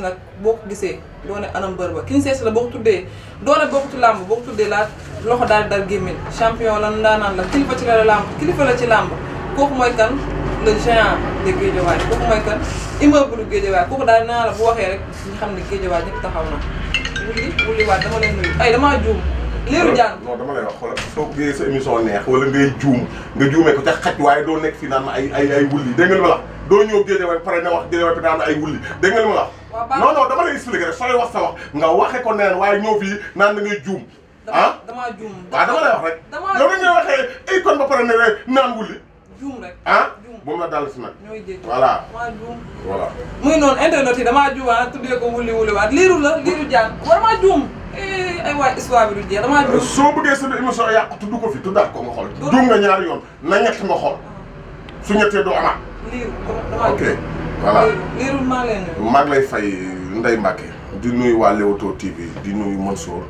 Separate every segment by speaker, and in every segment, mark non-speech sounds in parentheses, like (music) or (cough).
Speaker 1: nag boo ko gisee doo ne anam bër ba kin sees la boo ko tuddee doole boo ko ci làmb boo ko tuddee laa loxo daal dal gémmiñ champion la ndaanaan la kilifa ci la làmb kilifa la ci làmb kooku mooy kan le géant de Guédiawaye kooku mooy kan immeuble daal naa la bu waxee rek ñu xam ne Guédiawaye ñëpp taxaw na wulli wulli waat dama leen nuyu ay damaa juum léeru jaan
Speaker 2: non dama lay wax xoolal ko gisee sa émission neex wala ngay juum nga juumee ko te xaj waaye doo nekk ma ay ay ay wulli doo ñëw Guédiawaye pare na wax Guédiawaye bi naan ay non non dama lay expliquer rek sooy wax sa wax nga waxe ko neneen waaye ñëw fii naan da ngay juum. ah
Speaker 1: damaa juum. waaw dama lay wax rek. damaa juum yow dañu waxee
Speaker 2: ay kon ba pare ne rek naan wuli.
Speaker 1: juum rek ah
Speaker 2: moom la daal si nag.
Speaker 1: ñooy dégg voilà damaa juum. voilà
Speaker 2: muy noonu internet yi damaa juum ah tuddee ko wuli wuli waat liiru la liiru jaan war maa juum. Eh, ay waay histoire bi du jeex damaa juum. soo bëggee sa émission yàq tudd ko fi tuddaat ko nga xool. juum nga ñaari yoon na ñett nga xool su ñettee doo amaat. liiru damaa juum ok. voilà Lirou maa ngi lay maa ngi lay fay Ndeye Mbacke di nuyu waa Leewtoo TV di nuyu Mansour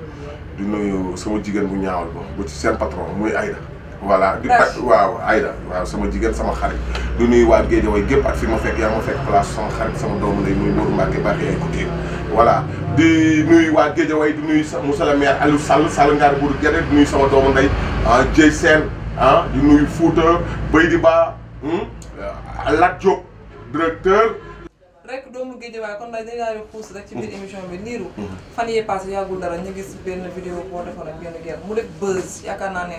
Speaker 2: di nuy sama jigéen bu ñaawal ba bu ci seen patron muy Aïda voilà di tak waaw Aïda waaw sama jigéen sama xarit di nuyu waa Guédiawaye gépp ak fi ma fekk yaa ma fekk place sama xarit sama doomu ndey muy Modou Mbacke baax yaay ko téye voilà di nuyu waa Guédiawaye du nuyu monsieur le maire Aliou Sall Sall bu budu gede di nuyu sama doomu ndey ah, Dieye Sène ah di nuyu Fouta Baydi Ba hmm, Lat Diop directeur.
Speaker 1: rek doomu Guédiawaye kon nag dañu daan xuus rek ci biir mm. émission bi niiru mm. fan yee passé yàggul dara ñu gis benn vidéo boo defoon ak benn guerre yaakaar naa ne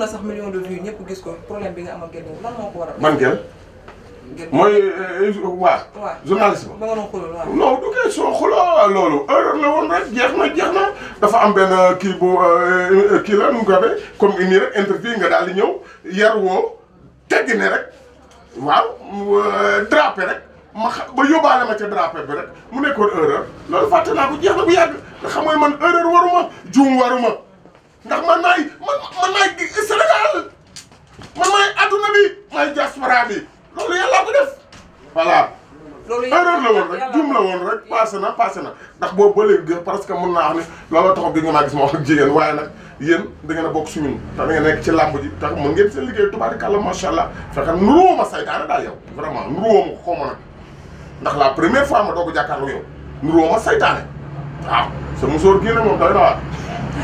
Speaker 1: na sax million de ñëpp gis ko problème bi nga am ak guerre lan moo ko waral. man guerre.
Speaker 2: mooy waa. Euh, euh, waaw journaliste ba. ba nga doon xuloo waaw. non du question xuloo loolu erreur la woon rek jeex na jeex na dafa am benn euh, kii bu kii la nu mu ko waxee comme nii rek interview nga daal di ñëw yar woo tegg rek. waaw euh, drapé rek ma xam ba yóbbaale ma ca drapé bi rek mu nekkoon erreur loolu fàtte naa ko jeex na bu yàgg nga xam mooy man erreur waruma juum waruma ndax man maay man man maay man maay adduna bi maay diaspora bi loolu yàlla ko def voilà. loolu erreur la woon rek juum la woon rek passé na passé na ndax boobu ba léegi parce que mën naa wax ne looloo taxaw bi nga maa gis ma wax ak jigéen waaye nag yéen da a bokk suñun te da nekk ci làmb ji tax mën ngeen seen liggéey tubaarikàlla macha allah fexe nuróo ma saytaane daal yow vraiment nuróo ma ko xaw ma nag ndax la première fois ma a jàkkaarloo yow nuróo ma saytaane waaw sa musóor génne moom doy na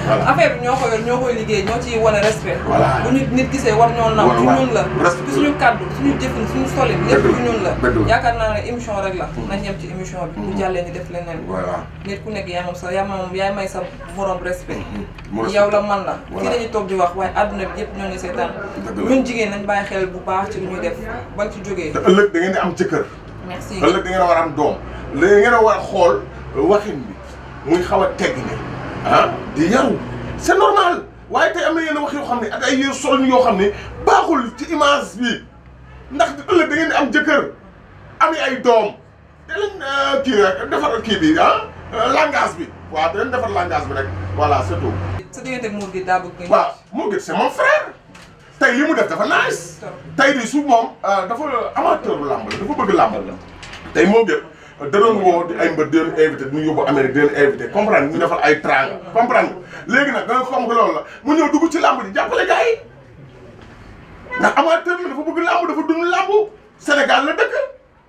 Speaker 2: voilà affaire bi ñoo ko
Speaker 1: yor ñoo koy liggéey ñoo ci war a respect. voilà bu nit nit gisee war ñoo naw. war ñun la suñu kaddu suñu jëfin suñu solin. lépp du ñun la yaakaar naa ne émission rek la. nañ yem ci émission bi. bu mm-hmm. jàllee ñu def leneen. voilà nit ku nekk yaa moom sa yaa moom yaa may sa morom mm-hmm. respect. yow la man la. voilà fii dañuy toog di wax waaye àdduna bi yëpp ñoo ngi seetaan. ñun jigéen nañ bàyyi xel bu baax ci lu ñuy def
Speaker 2: bañ ci jógee. te ëllëg da ngeen am jëkkër. merci ëllëg da ngeen a war a am doom. da ngeen a war a xool waxin bi muy xaw a tegg ne ah di yaru c'est normal waaye tey am na yenn wax yoo xam ne ak ay sol yoo xam ne baaxul ci image bi ndax ëllëg da ngeen di am jëkkër am ay doom da leen euh, defar kii bi ah euh, langage bi waaw da leen defar langage bi rek voilà c'est tout. sa diggante Mo Gates daa bëgg. waaw Mo Gates c'est mon frère. tey li mu def dafa nice. tey di su moom euh, dafa amateur lamb la dafa bëgg lamb la tey Mo Gates. da doon woo di ay mbër di leen invité di ñu yóbbu Amérique di leen invité comprendre ñu defal ay trang comprendre léegi nag danga xam ko loolu la mu ñëw dugg ci làmb ji jàppale gars yi ndax amateur la dafa bëgg làmb dafa dund làmb Sénégal la dëkk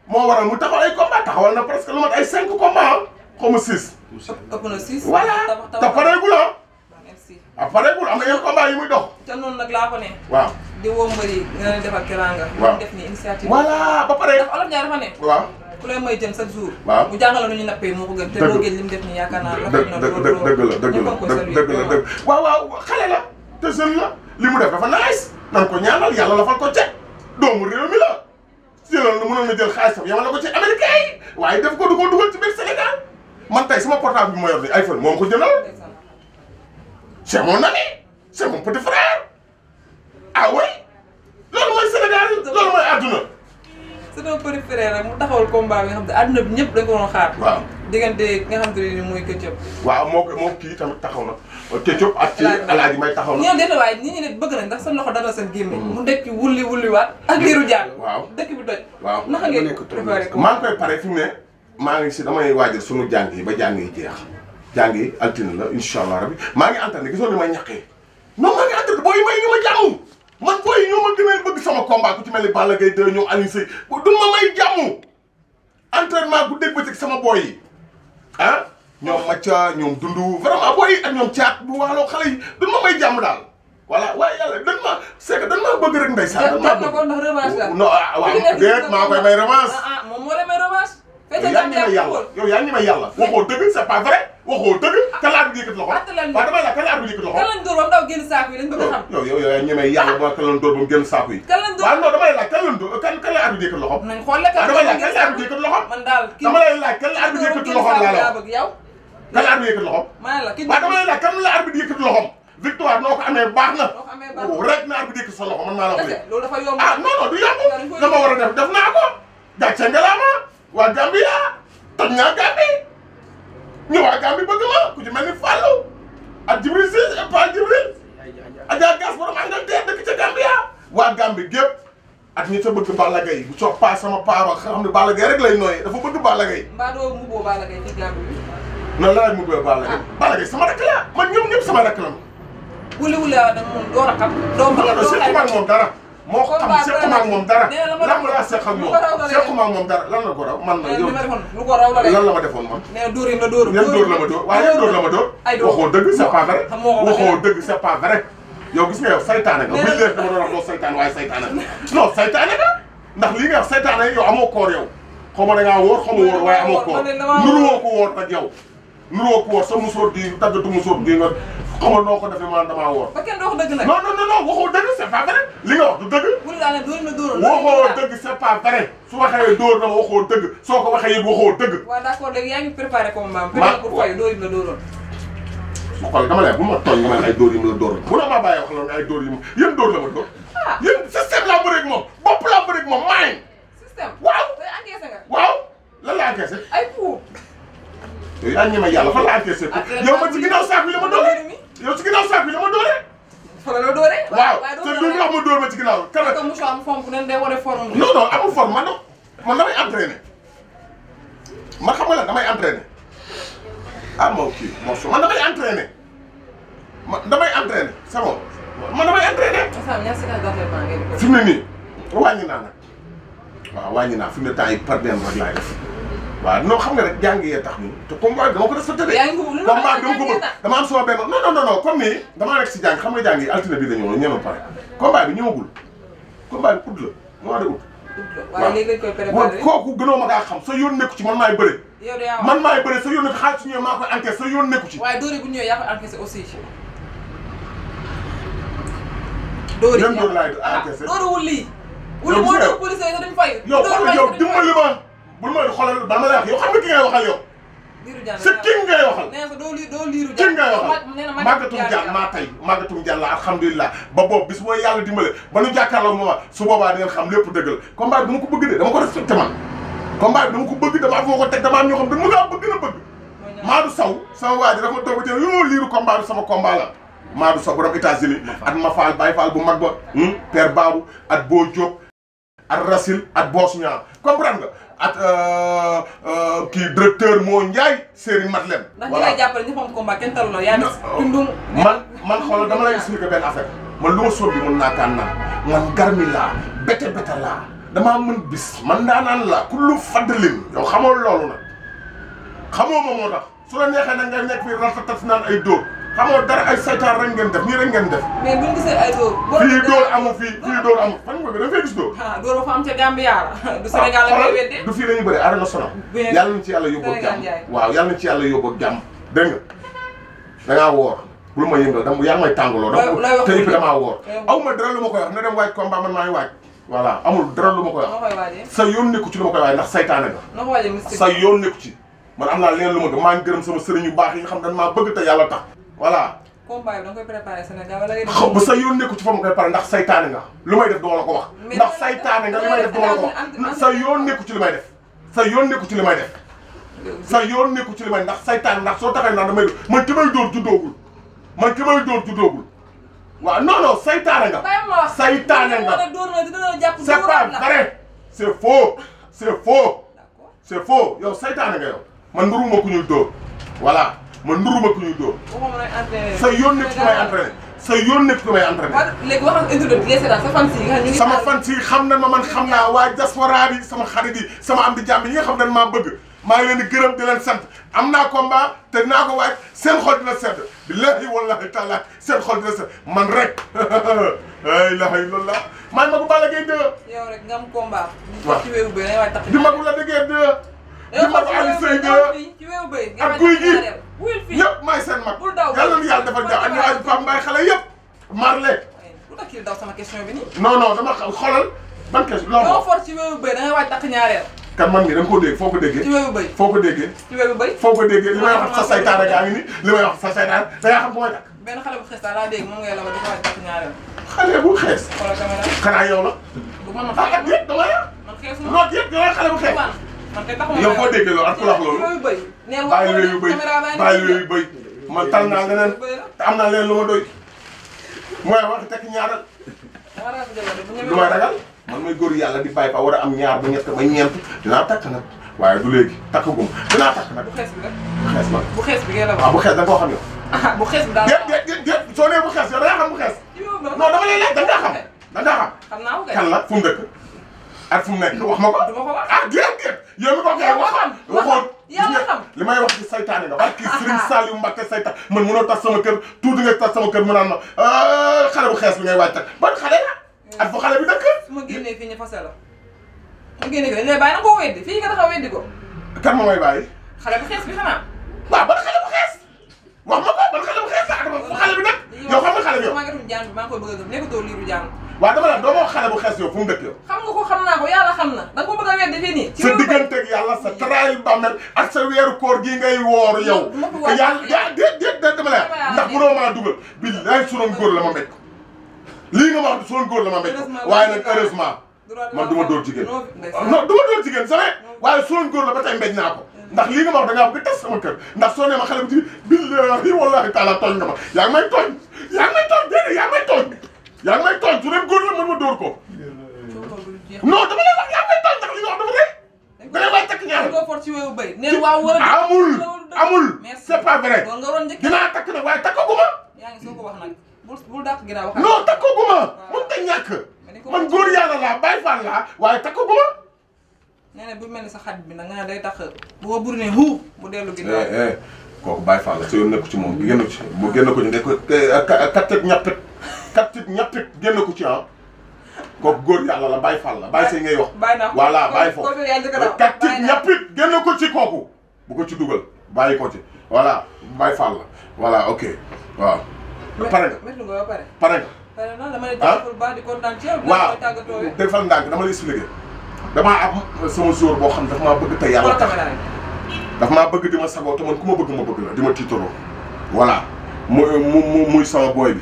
Speaker 2: moo waral mu taxawal ay combat taxawal na presque lu mat ay cinq combat ah. xaw ma six ëpp na six voilà te pareegul ah ah, ah pareegul am na yeneen combat yi muy dox te noonu nag laa ko ne waaw di woo mbër yi nga leen defal teranga waaw
Speaker 1: def ni initiative voilà ba pare olof ñaar dafa ne waaw ku lay may jëm chaque jour. waaw mu jàngaloon nañu nappee
Speaker 2: moo ko gën. dëgg te boo géej li mu def nii yaakaar naa. dë dë dë dëgg la dëgg la dëgg la dëgg waaw waaw xale la te jeune la li mu def dafa nice nan ko ñaanal yàlla la fal ko cek doomu réew mi la jëloon lu mënoon na jël xaalis tam yamale ko ci américain yi waaye def ko du ko dugal ci biir Sénégal man tey sama portable bi ma yor ni iPhone moom ko jëndal c'est mon ami c'est mon petit frère ah oui loolu mooy Sénégal loolu mooy
Speaker 1: àdduna sunu préféré rek mu taxawal combat bi nga xam ne àdduna bi ñëpp dañ ko doon xaar. waaw diggante nga xam te ne mooy Ketchup.
Speaker 2: waaw moo moom kii tamit taxaw na. Ketchup ak ci alaaji taxaw na. ñoo
Speaker 1: ñi ne bëgg nañ ndax sa loxo dara seen gémmiñ. Mm. mu dëkk wulli wulliwaat ak diiru jaar.
Speaker 2: waaw dëkk bi doj. waaw naka ngeen préparé ko maa ngi koy pare fi mu ne maa ngi si damay waajal sunu jàng yi ba jàng yi jeex jàng yi altine la incha allah rabi maa ngi entraîné gisoo ni may ñaqee non maa ngi entraîné booy may ñu ma jàmm man booy yi ñoo gën a bëgg sama combat ku ci mel ni Balla Gaye 2 ñoom Alioune Seye bu duñ ma may jàmm entraînement bu dégg ba ci sama booy yi ah ñoom Macha ñoom Dundu vraiment booy yi ak ñoom caat bu waaloo xale yi duñ ma may jàmm daal. voilà waaye yàlla dañ ma c'est que dañ ma bëgg rek ndeysaan. dañ ma bëgg ah, may revanche.
Speaker 1: Ah, ah, fetal yaa ngi
Speaker 2: may yàlla yow yaa ngi may yàlla waxoo dëgg c'est pas vrai waxoo dëgg ah, te laaj bi yëkkati loxo waaw damay laaj te laaj bi yëkkati loxo kalan dóor ba
Speaker 1: mu daw génn saako yi dañ bëgg a xam yow
Speaker 2: yow yaa ngi may yàlla ba kalan dóor ba mu génn saako yi
Speaker 1: kalan dóor waaw non
Speaker 2: damay laaj kalan dóor kan kan la arbitre yëkkati loxo nañ xool la damay laaj kan la arbitre yëkkati loxo man daal dama lay laaj kan la arbitre yëkkati loxo laa la bëgg yow kan la arbitre yëkkati loxo maa la waaw dama lay laaj kan la arbitre yëkkati loxo victoire noo ko amee baax na rek na arbitre yëkkati sa loxo man maa la wax loolu dafa yomb ah non non du yomb dama war a def def naa ko gàcce nga laa ma waa Gambia toj naa Gambie ñu waa Gambie bëgg ma ku ci mel ni Fallou ak Djibril Si pa Djibril Adja Gass borom Angleterre dëkk ca Gambia waa Gambie gépp ak ñi sa bëgg Balla Gaye bu soo paa sama paa wax xam ne Balla Gaye rek lay nooyee dafa bëgg Balla
Speaker 1: Balla Gaye
Speaker 2: ci Gambie bi. nan ah. Balla Gaye. sama rakk la man ñoom ñëpp sama rakk la ma. wuli wuli waaw ah, da nga mun doo rakam. doo mën a doo dara. moo ko am sequma ak moom dara lan laa seq ak moom sequma ak moom dara lan la ko raw man la yow
Speaker 1: lan la
Speaker 2: ma defoon man nee dóor yi la dóor yan dóor la ma dóor waaye yan la ma dóor waxoo dëgg c'est pas vrai waxoo gis nga yow saytaane nga buñ leer dama doon wax doo saytaane waaye saytaane (laughs) non saytaane nga ndax lii nga wax saytaane yow amoo koor yow xaw ma da ngaa wóor xaw ma wóor waaye amoo koor nuru woo ko wóor nag yow nuru woo ko wóor sa musóor di daggatu musóor di nga xaw ma noo ko defee maanaam damaa woor. ba
Speaker 1: kenn doo ko dëgg nag. non non
Speaker 2: non waxoo dëgg c'est pas vrai. li nga wax du dëgg. wuli daal dóor na dóor la waxoo dëgg c'est pas vrai. su waxee dóor na waxoo dëgg soo ko waxee yëg waxoo dëgg.
Speaker 1: waaw d'accord léegi yaa ngi
Speaker 2: préparé comme maam. maa pour fay dóor yi la dóoroon. ma xool dama lay bu ma tooñ nga ma ay dóor yi mu la dóoroon. bu la ma bàyyi wax la ay dóor yi mu yéen dóor la ma dóor. ah yéen système laa bëreeg moom bopp laa bëreeg moom maa ngi. système waaw day encaissé nga. waaw lan la encaissé. ay pour. yooyu yaa ngi ñeme yàlla fan la encaissé. yow ma ci ginnaaw saako yi la ma dóor yow ci ginnaaw saak bi dama dooree. fa la dooree. waaw te du wax ma door ma ci ginnaaw. kanam parce que Moussa am forme bu ne day wane forme non non amul forme man man damay entraîné man xam nga lan damay entraîné ah, ma kii Moussa man damay entraîné ma damay entraîné c'est bon man damay entraîné. Moussa ñaar si la fi mu ne nii wàññi naa nag waaw wàññi naa fi mu ne temps yi par benn rek laay waaw non xam nga rek jàng yee tax ñun te combat dama ko respecté de. yaa ngi ko combat dama ko bëgg dama am sama benn non non ni damaa nekk si jàng xam nga jàng yi altine bi la ñëw ñëwoon pare. combat bi ñëwagul combat bi août la mois de août.
Speaker 1: waaw léegi lañ koy préparé kooku
Speaker 2: ma daa xam sa yoon nekku ci man maay bëre. man maay bëre sa yoon nekku xaalis su ñëwee maa koy encaissé sa yoon nekku ci. waaye doori bu ñëwee yaa koy encaissé aussi. doori ñëw yan doori laay encaissé. Ah, doori wul lii. wul moo tax
Speaker 1: police yi
Speaker 2: dañ bul ma xoolal ba ma lay wax
Speaker 1: na doo li doo
Speaker 2: liiru jàll ki ngay ba boobu bis mooy yàlla dimbale ba nu jàkkaarloo moom su boobaa di ngeen xam lépp dëgg la ko ko respecté ko bëgg ma ko teg dama am ñoo xam ne mu ngaa bëgg na bëgg. Maadou Sow sama waa ji dafa sama combat la. Maadou Sow bu dem ma faal Baye Fall bu mag ba. Hmm? Père Babou at boo Diop ak Racine ak Boos Niang comprendre nga ak euh, euh, kii directeur moo Ndiaye Serigne Matlem. voilà ndax ñi ngay jàppale ñu xam combat kenn talu la yaa man man xoolal dama lay expliquer benn affaire man lu ma sóob bi mën naa kaan naan man garmi laa bete bete laa damaa mën bis man daanaan laa ku lu fàttalin yow xamoo loolu nag xamoo ma moo tax su la neexee nag nga nekk fii ratatat naan ay dóor. xamoo dara ay saytaar rek ngeen def nii rek ngeen def. mais buñ gisee ay dóor. fii dóor amu fii fii dóor amu fan nga ko da nga fay gis dóor. ah dóor ba fa am
Speaker 1: ca Gambia ah, (laughs) du Sénégal la koy wedde
Speaker 2: du fii la ñuy bëri arène nationale. yàlla nañ ci yàlla yóbboo jàmm waaw yàlla nañ ci yàlla yóbboo jàmm dégg nga da ngaa woor lu ma yëngal dama yaa may tàngaloo. looy lay wax tey bi damaa woor. aw ma dara lu ma koy wax na dem waaj combat man maa ngi waaj. voilà amul dara lu ma koy wax. sa yoon nekku ci lu ma koy waaj ndax saytaane nga. sa yoon nekku ci man am naa leen lu ma gëm maa ngi gërëm sama sëriñ yu baax yi nga xam dañ maa bëgg te yàlla tax voilà.
Speaker 1: combat da nga koy préparé Sénégal wala xaw ma sa
Speaker 2: yoon nekku ci fa ma koy pare ndax saytaane nga lu may def duma la ko wax. ndax saytaane nga li may def duma la ko wax sa yoon nekku ci li may def sa yoon nekku ci li may def. sa yoon nekku ci li may ndax saytaane ndax soo taxee ndax damay man ki may dóor juddoogul man ki may dóor juddoogul waaw non non saytaane nga. saytaane nga
Speaker 1: c'est pas vrai
Speaker 2: c'est faux c'est faux c'est faux yow saytaane nga yow man nduruma ku ñuy dóor voilà. ma nuruma ku ñuy dóor. sa yoon nekk ku may entraîné sa yoon nekk ku may entraîné. léegi waxoon sa sama fan si na ma man xam naa waa diaspora bi sama xarit yi sama am di jàmm bëgg maa ngi leen di gërëm di leen sant am te naa ko waaj seen xol dina sedd billahi wallahi taala seen xol dina sedd man rek la (laughs) ilaha illallah maa ngi magu Balla Gaye 2. yow rek nga am combat. waaw la dëggee 2. ñu ko Alioune Seye de ak guy gi ñëpp may seen mag yàlla na yàlla defal jàmm ak ñu ay Pape Mbaye xale yëpp Marley. bu takkil
Speaker 1: daw sama question bi
Speaker 2: nii. non non dama xoolal ban question. loolu moo
Speaker 1: for ci wéeru bëy da ngay waaj takk ñaareel.
Speaker 2: kan man mi da nga koo dégg foo ko déggee. ci wéeru bëy foo ko déggee. ci wéeru bëy foo ko déggee li may wax sa saytaan rek yaa ngi ni li may wax sa saytaan da ngaa
Speaker 1: xam bu may takk. benn xale bu xees daal laa dégg moom ngay la ba di ko waaj takk
Speaker 2: ñaareel. xale bu xees. xanaa yow la.
Speaker 1: du ma ma xale bu xees. yow
Speaker 2: foo dégg loolu ak ku lax loolu.
Speaker 1: bàyyi lu yu bëy bàyyi lu yu
Speaker 2: bëy man tal naa leneen te am naa leneen lu ma doy mooy wax tekk ñaaral lu may ragal man may góor yàlla di bàyyi fa war a am ñaar ba ñett ba ñeent dinaa takk nag waaye du léegi takk gum dinaa takk nag. bu xees bi nag bu xees bi ngeen waaw ah, bu xees da nga koo xam yow. ah bu xees bi daal soo nee bu xees yow da nga xam bu xees. non dama lay laaj da nga xam da nga xam. xam naa ko kay kan la fu mu dëkk ak fu mu nekk wax ma ko. du ma ko wax ah déedéet. yow mi ko waxoon waxoon waxoon li may wax ci saytaane nga. barki Serigne Saliou Mbacké saytaan man mënoo tas sama kër tuuti nga tas sama kër mu naan ma ah, xale bu xees bi ngay waaj ban xale la.
Speaker 1: ak fu xale bi dëkk. su ma génnee fii ñu fase la. mu génne ko dañu lay bàyyi na ko weddi fii nga taxaw weddi ko. kan ma may bàyyi. xale bu xees bi xanaa.
Speaker 2: waaw ban xale bu xees. wax ma ko ban xale bu xees la ak fu xale bi dëkk. yow xam nga xale bi yow. maa
Speaker 1: ngi koy bëgg a gëm
Speaker 2: nekkatoo liiru jàng waaw dama la doo ma wax xale bu xees yow fu mu yow
Speaker 1: xam nga ko xam naa ko yàlla na da nga a weddi fii nii
Speaker 2: sa digganteeg yàlla sa trayi bàmmel koor gi ngay woor yow yàlla déet déet déet dama la ndax bu maa dugal billahi sunoon góor la ma mbéj lii nga ma wax sunoon góor la ma mbéj waaye nag heureusement man ma dóor jigéen ah, non du ma dóor jigéen sax waaye sunoon góor la ba tey mbéj naa ko ndax lii nga ma wax da ngaa bëgg a tas sama kër ndax soo nee ma xale bu jigéen billahi wallahi taala tooñ nga ma yaa ngi may tooñ yaa ngi may yaa ngi may yaa ngi may tooñ su doon góor la mën ma dóor ko. non dama lay wax yaa ngi may tooñ ndax li nga wax dafa rëy. da ngay may takk ñaar ko for ci wéyu bëri. neen waa war a amul amul c'est pas vrai. dinaa takk nag waaye takkaguma.
Speaker 1: yaa ngi soo ko wax nag bul bul dàq gi daa wax. non
Speaker 2: takkaguma ah. mën ta ñàkk. man góor yàlla laa bàyyi faal laa waaye takkaguma.
Speaker 1: nee na bu mel ni sa xarit bi nag nga ne day tax
Speaker 2: bu ko buri ne huu mu dellu ginnaaw. Eh, eh. kooku bàyyi faal la sa yoon nekku ci moom génn ci mu génn ko ñu ne ko eh, katteeg ñappet kat tit ñett tit génn ko ci ah. kooku góor yàlla la bàyyi fal la bàyyi say ngay wax. bàyyi naa ko voilà bàyyi foofu kat tit ñett tit génn ko ci kooku. bu ko ci dugal bàyyi ko ci voilà bàyyi fal la voilà ok waaw. pare nga métti nga pare. pare nga.
Speaker 1: pare naa dama lay ah? tàggatoo baax waaw
Speaker 2: defal ndànk dama lay expliqué. damaa am sama jour boo xam dafa maa bëgg te yàlla tax dafa maa bëgg di ma sagoo te man ku ma bëgg ma bëgg la di ma tiitaroo voilà mu mu muy sama booy bi.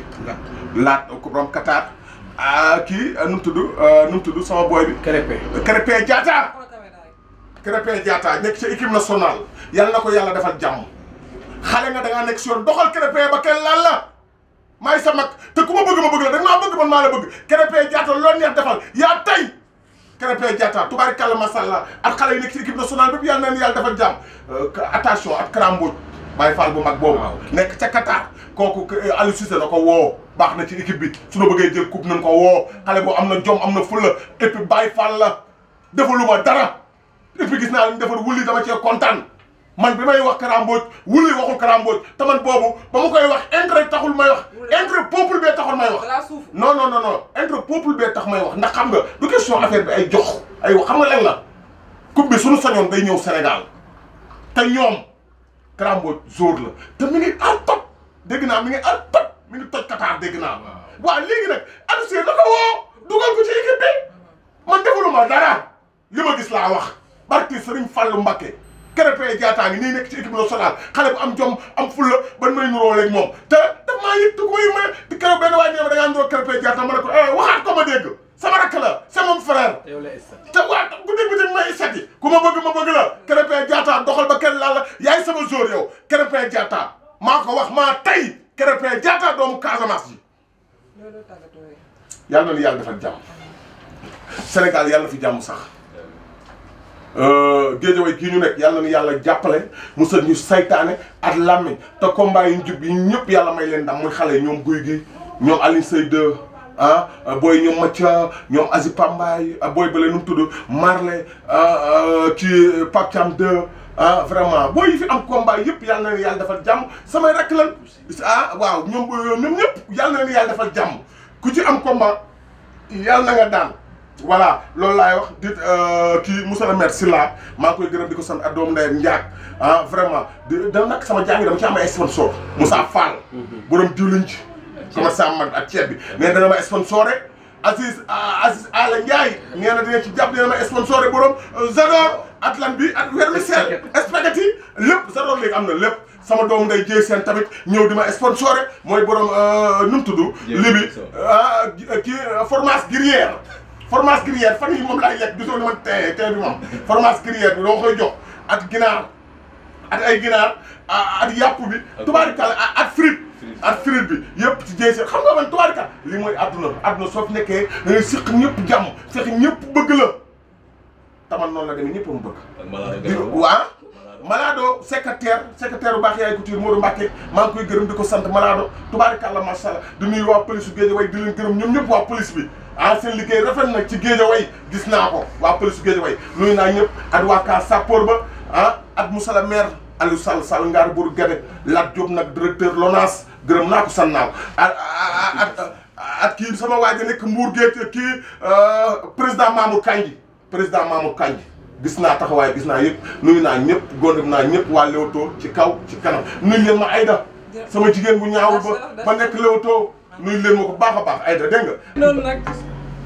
Speaker 2: laat borom Qatar ah, kii ah, nu mu tudd ah, nu mu tudd sama boy bi. Krépin Krépin Diatta. Krépin Diatta nekk ci équipe nationale yàlla na ko yàlla defal jàmm xale nga da nekk si yoon doxal Krépin ba kenn laal la maay sa mag te ku ma bëgg ma bëgg la da nga maa bëgg man maa la bëgg Krépin Diatta loo neex defal yaa tey. Krépin Diatta tubaarikàlla masalla ak xale yi nekk ci équipe nationale bépp yàlla na leen yàlla defal jàmm euh, attention ak Kara Mbodj Baye Fall bu mag boobu. nekk kooku Aliou la ko woo. baax na ci équipe bi suñu bëggee jël coupe nañ ko woo xale boo am na jom am na fulla et puis Baye Fall la defaluma dara et puis gis naa lañ defar wulli dama cee kontaan man bi may wax karambooj wulli waxul karambooj te man boobu ba ma koy wax intérêt taxul may wax intérêt peuple bee taxul may wax non non non non intérêt peuple bee tax may wax ndax xam nga du question affaire bi ay jox ay wax xam nga leen la coupe bi suñu sañoon day ñëw Sénégal te ñoom karambooj jour la te mi ngi al top dégg naa mi ngi al mi ngi toj Qatar dégg naa. waa léegi nag Aliou Cissé dafa woo dugal ko ci équipe bi man defaluma dara li ma gis laa wax barki Serigne Fallou Mbacké Krépin Diatta ngi nii nekk ci équipe nationale xale bu am jom am fulla ban may nuroo léegi moom te daf maa yëg dugub yi ma di keroog benn ko eh, waxaat ko ma dégg sama rakk la c'est mon frère. yow la te may isati ku ma bëgg ma bëgg la Krépin Diatta doxal ba kenn laal la yaay sama jour yow Krépin Diatta maa ko wax maa tey. Krépin Diatta doomu Casamance ji yàlla na yàlla defal jàmm Sénégal yàlla fi jàmm sax euh, géejaway gii ñu nekk yàlla na yàlla jàppale musal ñu saytaane ak làmmiñ te combat yu jub yi ñëpp yàlla may leen ndam muy xale ñoom guy gi ñoom Alioune Seye 2 ah booy ñoom Mathia ñoom Azi Pambaay ah, booy bële nu mu tudd Marley ci ah, ah, Pape Thiam 2 ah vraiment boo yi fi am combat yëpp yal na leen yàlla defal jàmm samay rakk lan ah, waaw ñoom ñoom ñëpp yal na leen yàlla defal jàmm ku ci am combat yal na nga daan voilà loolu laay wax di euh, kii Moussa le maire Sylla maa ngi koy gërëm di ko sant a doomu ndeyam Ndiak ah vraiment di da nag sama jàngi dama ci am ay sponsor Moussa Fall mhm. borom diwlin ci sama sàmm ak bi mais dana ma sponsoré Aziz ah, Aziz Ala Ndiaye nee na dina ci jàpp dina ma sponsoré borom euh, Zador atlan bi ak vermicelle spaghetti lépp Zador am na lépp sama doomu nday jéy seen tamit ñëw di ma sponsoré mooy borom euh, nu mu tudd libi ah, kii euh, fromage gruyère fromage fan yi moom laay lekk gisoo ni ma tee tee bi moom fromage gruyère bi doo koy jox ak ginaar ak ay ginaar ak yàpp bi. tubaarikàlla ak frite. ak frite bi yëpp ci jeexit xam nga man tubaarikàlla li mooy àdduna àdduna soo fi nekkee da ngay séq ñëpp jàmm séq ñëpp bëgg la taman noonu la demee ñëpp mu bëgg. di waa ah? Malado secrétaire baax yaay couture Modou Mbacke maa ngi koy gërëm di ko sant Malado tubaarikàlla la allah di nuyu waa police su Guédiawaye di leen gërëm ñoom ñëpp waa police bi. ah seen liggéey rafet na ci Guédiawaye gis naa ko waa police su Guédiawaye nuyu naa ñëpp ak waa Kaas Sapor ba ah? ak Moussa la maire Aliou Sall Sall Ngaar Bour Guède Lat Diop nag directeur LONASE gërëm naa ko sannaaw ak ak kii sama waa ji nekk mbuur Guède kii euh, président Mamour Kandji président Mamour Kandji gis naa taxawaay gis naa yëpp nuyu naa ñëpp góor naa ñëpp waa Leewtoo ci kaw ci kanam nuyu leen ma Aïda sama jigéen bu ñaaw ba ba nekk Leewtoo nuyu leen ma ko baax a baax ayda dégg nga.
Speaker 1: loolu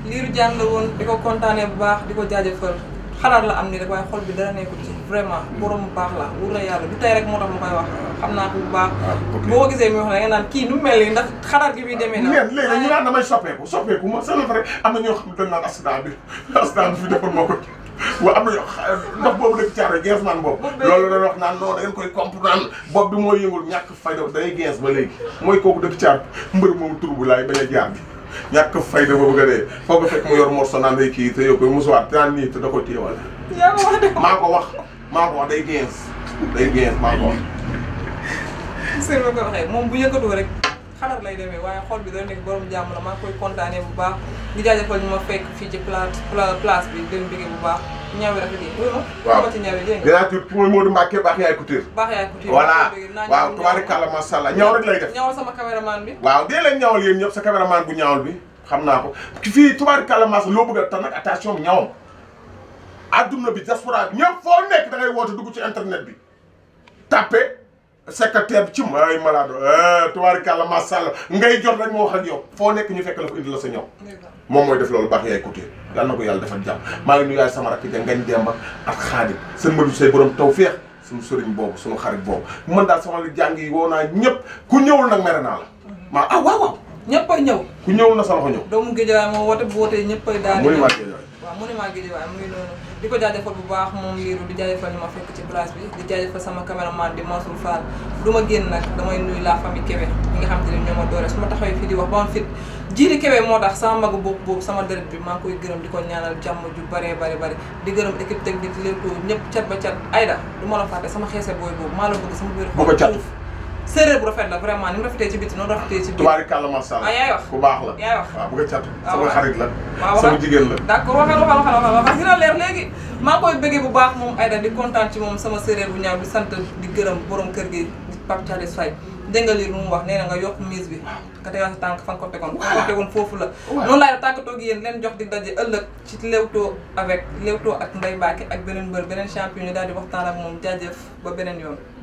Speaker 1: liiru jaan la woon di ko kontaanee bu baax di ko jaajëfal. xalaat la am ni rek waaye xol bi dara nekkul ci vraiment borom bu baax la wóor na yàlla du tey rek moo
Speaker 2: tax ma koy wax xam naa ko bu baax ah, boo ko gisee muy wax da nga naan kii nu mel ni ndax xalaat gi demee na léegi nag ma c'est vrai am na bi accident bi fi defoon moo ko waaw am na ndox boobu dëkk caare gees man boobu loolu la wax naan non da ngeen koy comprendre bopp bi mooy yëngul ñàkk fayda day gees ba léegi mooy kooku dëkk caar mbër moom tur laay bañ a jaar bi ñàkk fayda ba bëgg a dee foo fekk mu yor morso naan day kii te yow koy musuwaat te naan nii te da ko téewal maa ko wax maa ko wax day gens day gens maa ko wax sëñ ma ko waxee moom bu yëkkatoo rek
Speaker 1: xalaat lay demee waaye xol bi doon nekk borom jàmm la maa koy kontaanee bu baax di jaajëfal ñu ma fekk fii ci place place bi den bëggee bu baax ñaaw rafet yi waaw dinaa
Speaker 2: tudd ki mooy Modou Mbacke baax yaay couture baax yaay couture voilà waaw tubaarikàlla macha allah ñaaw rek lay def ñaawal
Speaker 1: sama caméraman bi waaw
Speaker 2: dee leen ñaawal yéen ñëpp sa caméraman bu ñaawal bi xam naa ko fii tubaarikàlla macha loo bëgg a tax nag attention bi ñaawam adduna bi diaspora bi ñëpp foo nekk da ngay woote dugg ci internet bi tapé secrétaire bi ci ay malade ma eh, masàlla ngay jot rek moo wax ak yow foo nekk ñu fekk la ko indi la sa ñëw moom mooy def loolu baax yaay côté yàlla na ko yàlla defal jàmm maa ngi nuyu sama rakk ja ngañ demba ak xaadim seen madu say borom taw feex suñu sëriñ boobu suñu xarit boobu mën daal sama jàng yi woo naa ñëpp ku ñëwul nag mere naa la maa ah waaw waaw ñëpp ay ñëw ku ñëw na sa loxo ñëw doomu géejawaay moo woote bu wootee ñëpp ay daal mu ne maa géejawaay
Speaker 1: waaw mu ne maa géejawaay mu ngi noonu di ko jaajëfal bu baax moom liiru di jaajëfal ñu ma fekk ci place bi di jaajëfal sama caméraman di Mansour Fall du ma génn nag damay nuyu la famille Kébé ñi nga xam te ne ñoo ma doore su ma taxawee fii di wax ba fit jiili Kébé moo tax sama magu bopp boobu sama deret bi maa ngi koy gërëm di ko ñaanal jàmm ju bare bare bare di gërëm équipe technique lépp ñëpp cat ba cat ayda du ma la fàtte sama xeese booy boobu maa la bëgg sama biir xol séeréer bu rafet la vraiment ni mu rafetee ci biti noonu rafetee ci biir. tubaarikàlla macha allah yaay wax ku baax la yaay wax waaw
Speaker 2: bu nga cat ah, sama xarit la sama jigéen la d'accord waxal waxal waxal waxal dina
Speaker 1: leer léegi maa koy bëggee bu baax moom Aïda di kontaan ci moom sama séeréer bu ñaaw di sant di gërëm borom kër gi di Pape Thialis Faye dégg nga lii lu mu wax nee na nga yokk mise bi nga tegal sa tànk fa nga ko tegoon fa nga ko tegoon foofu la (laughs) noonu laay tàggatoo ak yéen leen jox di daje ëllëg ci Leewtoo avec Leewtoo ak Ndeye Mbacké ak beneen mbër beneen champion ñu daal di waxtaan ak moom jaajëf ba beneen yoon